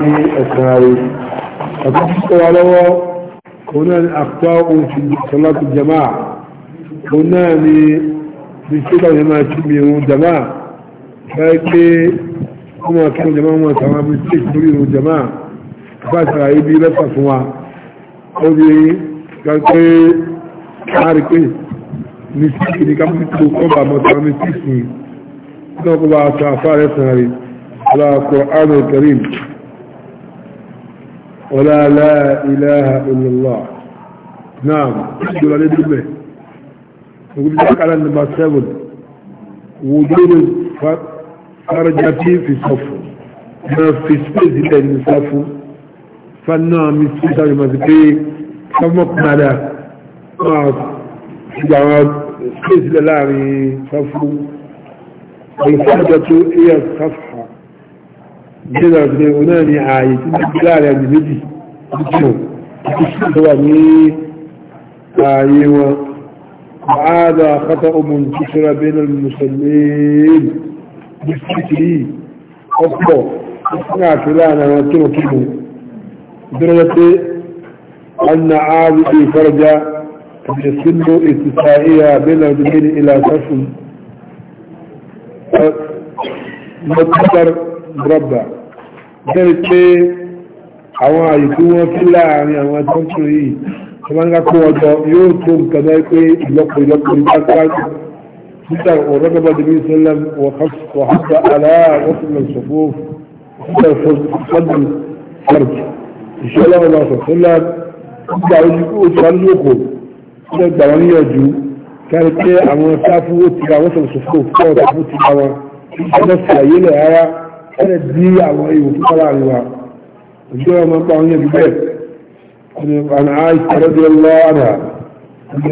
ní ẹ̀sìn ààrẹ ẹ̀kọ́ tó wà lọ́wọ́ òun náà ni àpá ohun fi sọlátù jama òun náà ni bí sílá yẹn máa tún mi ohun jama báyìí pé wọ́n máa kí ohun jama wọn sàwọn àmì tí ìkúrí ohun jama bá sàràyé bí lẹ́fà fún wa ó di gbàgbé káàrí pé mistake ni káàmù tó kọ́bà mọ́ta mistake ni náà kó bá aṣọ àfáà rẹ̀ sàn rí ala Qur'an al-Karim ولا لا إله إلا الله نعم يقول عليه بالله يقول لك على النمبر 7 وجود فرجتي في صف ما في سبيس إلا المصاف فالنعم سبيس على المذكري فمقملة مع جواب سبيس إلا لاري صف والفرجة هي الصف ìjọba ìgbẹ́ òun náà ni ààyè tí wọ́n ti láàrin ẹni méjì ìjọ àti ṣùgbọ́n wà ní ààyè wọn àádọ́ àkọ́tọ̀ ọmọ ìṣẹ́ra bẹ́ẹ̀nà mùsùlùmí ní síkìrì ọ̀pọ̀ fún àti láàrin àwọn tí wọ́n kíkù ìdúró pé أن عابد فرجة تسن اتسائها بين الدين إلى كفل مكتر مربع bẹ́ẹ̀ pé àwọn àyè tí wọ́n fi láàrin àwọn tọ́ntún yìí tó bá ń ká kó ọjọ́ yóò tó nǹkan náà pé ìlọ́pọ̀ ìlọ́pọ̀ ìgbàgbàgbà nígbà ọ̀rọ̀ bàbá dèmí sẹ́lẹ̀m wàhálà aláàwọ̀sílẹ̀ ṣòfò nígbà fọ́dún fọ́dún ìṣọ́lá ọba sọ̀tẹ́lá nígbà oṣù alóko nígbà gbà wọn níyànjú kárí ti ra wọ́sọ̀lẹ̀ ṣòfò fọ́ọ̀tà fún ti ẹ̀rẹ̀ bí àwọn ihò tó kọ́lá àríwá òjò ọmọ pa àwọn yẹn bẹ́ẹ̀ ọ̀nà àìsàn rẹ̀dí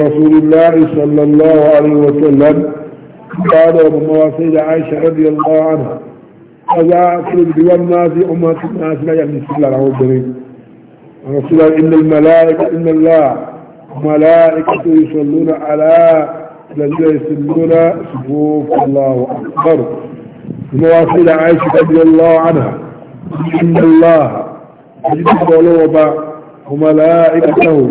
رسول الله صلى الله عليه وسلم قال ابو مواسيد عائشة رضي الله عنها أمة الناس لا يعني رسول إن الملائكة إن الله يصلون على الذين يصلون صفوف الله أكبر مواصل عائشة رضي الله عنها إن الله يجب ولوبا وملائكته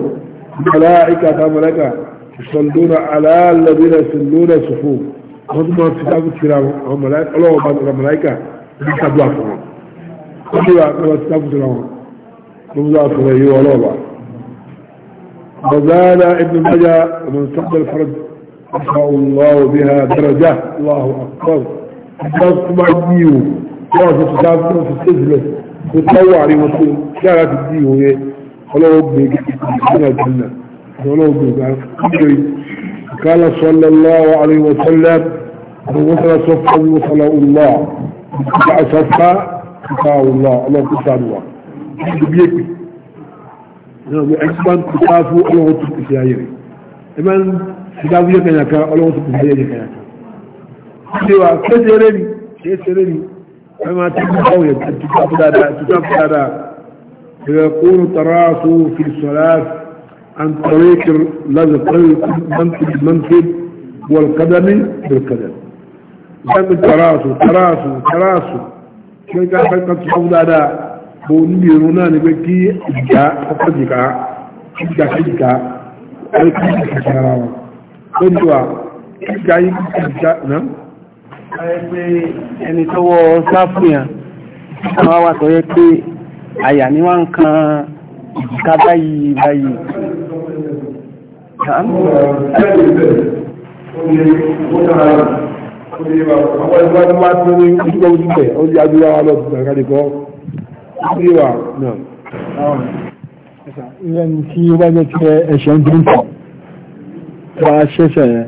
ملائكة ملكة يصلون على الذين يصلون الصفوف هم كتاب الكرام هم ملائكة ولوبا ملائكة يكتب لهم هم كتاب الكرام هم ذات غيه ولوبا وزاد ابن مجا ومن صد الفرد رفع الله بها درجة الله أكبر قال صلى الله عليه وسلم وصل صفا وصلى الله قطع صفا قطع الله الله قطع الله بيكي يعني أكبر قطعه الله قطع في عيري إمان سلاوية كنكا الله قطع في عيري كنكا cewa sai tsere ne sai tsere ne kai ma ta yi kawai ta tafi da da ta tafi da ويكون تراثه في الصلاة عن طريق لذة المنفذ بالمنفذ والقدم بالقدم لم تراسو تراسو تراسو كي كان حقا تصوض على بوني رونان بكي إجاء فقدك إجاء حجك أي كي تشارعون كنتوا إجاء إجاء نعم káyẹ́ pé ẹni tó wọ sáfìyàn wọ́n wá tọ́yẹ́ pé àyà ní wọ́n kan ìjìká báyìí báyìí Ilé ni kí wájẹ́ tí ẹ̀ṣẹ̀ ń dúnkọ̀, wá ṣẹ́ṣẹ̀ yẹn.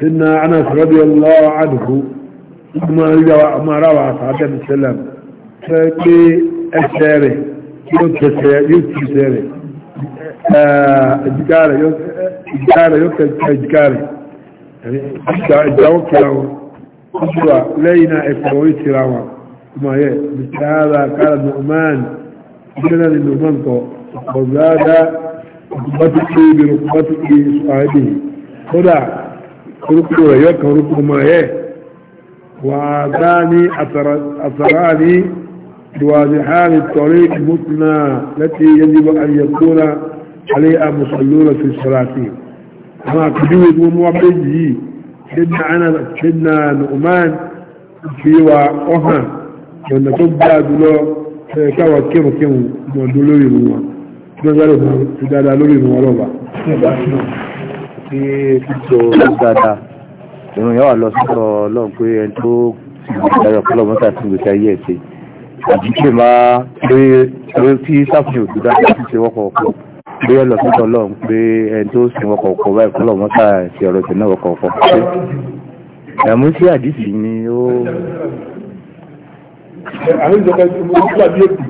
سيدنا أنس رضي الله عنه ما روى صحابة السلام فكي أسيري يتسيري إجكاري إجكاري إجكاري يعني إجاوك له أسوى لينا إفرويتي له ما هي مثل هذا قال النؤمان من النؤمان وزاد ركبتك بركبتك صاحبه خدع orúkú rẹ̀ yọ kan وعداني أثراني بواضحان الطريق المثنى التي يجب أن يكون عليها مصلون في الصلاة أما كجود ومعبده سيدنا أنا سيدنا نؤمن في وأهان wanda tó دلو dúlọ káwà kírùkírù mọ̀dún lórí نظره في wọ́n záré sí títò dáadáa ìrùn yóò wà lọ sọ́dọ̀ ọlọ́run pé ẹni tó ìgbésẹ̀ ọ̀pọ̀lọpọ̀ mọ́ta sí ìgbésẹ̀ ayé ẹ̀ ṣe àbí kí n máa pé tí sáfìyàn òdúdá sí ṣe wọ́pọ̀ ọ̀pọ̀ pé ẹ lọ sọ́dọ̀ ọlọ́run pé ẹni tó sì wọ́pọ̀ ọ̀pọ̀ báyìí ọ̀pọ̀lọpọ̀ mọ́ta sí ọ̀rọ̀ ìṣẹ̀ náà wọ́pọ̀ ọ̀pọ̀ pé ẹ̀mú sí àdìsí ni ó. àwọn ìjọba ti mú sí àdìsí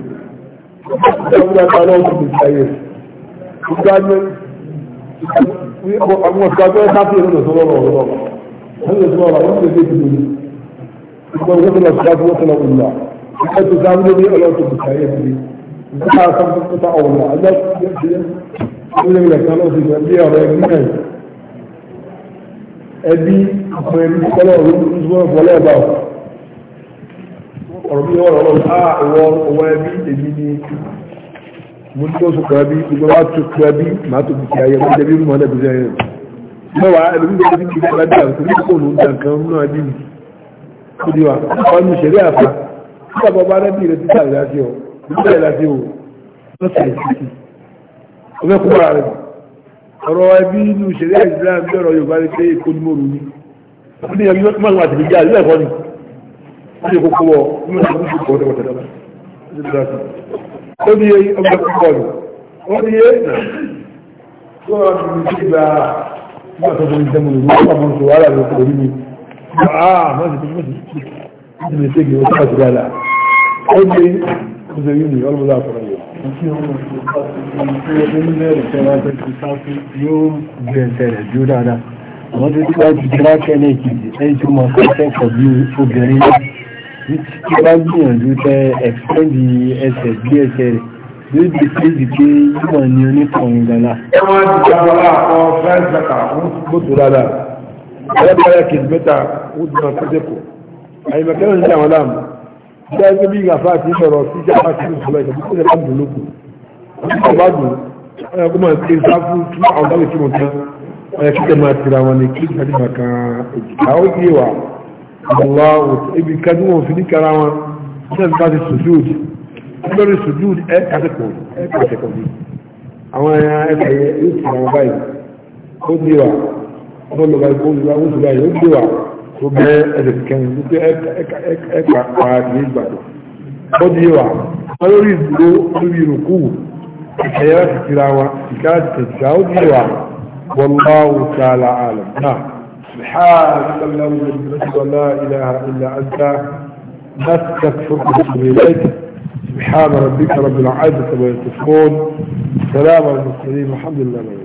ìjọba ti mú sí àdìsí àwọn ọ̀sán tó ẹ sáfì ẹ̀rọ lọ́sọ̀rọ̀ lọ́wọ́ ẹ̀rọ lọ́sọ̀rọ̀ lọ́wọ́ ẹ̀rọ lọ́sọ̀rọ̀ lọ́wọ́ ah, ẹ̀rọ lọ́sọ̀rọ̀ lọ́wọ́ mo ní oṣù kan bí gbogbo wa tó kan bí màá tó fi ayé wọn jẹbi irú mọ́lẹ̀ bíi ayé mẹ́wàá ẹlòmíì ló ti kíkọ́ láti àbùkù ní kò ló ń da nǹkan nínú àbí mi ó di wa wọn ní ìṣẹ̀lẹ̀ àfa tí bàbá bá rẹ́ bìí rẹ títà rẹ̀ láti ọ̀ títà rẹ̀ láti ọ̀ lọ́sẹ̀ ìsìnkì ó fẹ́ kó bá rẹ̀ ọ̀rọ̀ ẹbí inú ìṣẹ̀lẹ̀ Islam bí ọ̀rọ̀ Yorùbá rẹ̀ pé èkó ni mo rù ní ó ní ẹbí mọ́tò àti ìjà ìlú ẹ̀kọ́ ni ó ní kókó wọ ó ní ọgbẹ́ púpọ̀lù ó ní é tó rọ̀ ní ìgbà nígbà tó fún ìdẹ́mù ìlú ọgbà mọ́ sí wàhálà lókò orí mi àà mọ́ sí pípọ̀ sí lè tẹ́gì ó sáà sí dáadà ó ní ó sì rí ní ọlọ́mọdá àkọ́rọ̀ yìí àwọn tó ti bá ti jẹ́ lákẹ́ ní ìkìlì ẹni tó mọ̀ sí ẹ̀kọ́ bí obìnrin tí bá gbìyànjú tẹ ẹ̀fẹ́ndì ẹsẹ̀ bí ẹsẹ̀ rẹ̀ yóò di fèsì pé yíwọ̀ ni onítọ̀hún gánà. ẹ wọ́n ti gba ọlá àwọn fẹ́ǹsì kàkà fún gbòtò rárá ẹlẹ́bẹ̀rẹ̀ kìí mẹ́ta ó dùn àkọ́jẹ́kọ̀ọ́ àyèmọ̀kẹ́rẹ́ ní àwọn láàmù bí a gbé bí ìgbàfà àti ìṣọ̀rọ̀ sí ìjàmbá bá dùn lókù ọba kí àwọn bá lè kí wọn tán ọyọ Allahu ibi kan ní wọn fi ní kara wọn ṣe bá ti sùdúd lórí sùdúd ẹ kàtẹ́kọ̀ọ́ ẹ kàtẹ́kọ̀ọ́ ni àwọn ẹ̀yà ẹ̀fẹ̀ yẹ yóò ti àwọn báyìí ó di wa ọmọ lọba ikú olùwà ó ti báyìí ó di wa tó bẹ ẹsẹ̀ kẹrin wípé ẹ kà pa ní ìgbàdo ó di wa wọn lórí ìdúró lórí ìrùkú ẹ̀yà láti tira wa ìkà tẹ̀síà ó di wa wallahu ta'ala alam náà. سبحانك اللهم وبحمدك لا إله إلا أنت نستغفرك ونتوب إليك سبحان ربك رب العزة عما يصفون سلام على المرسلين والحمد لله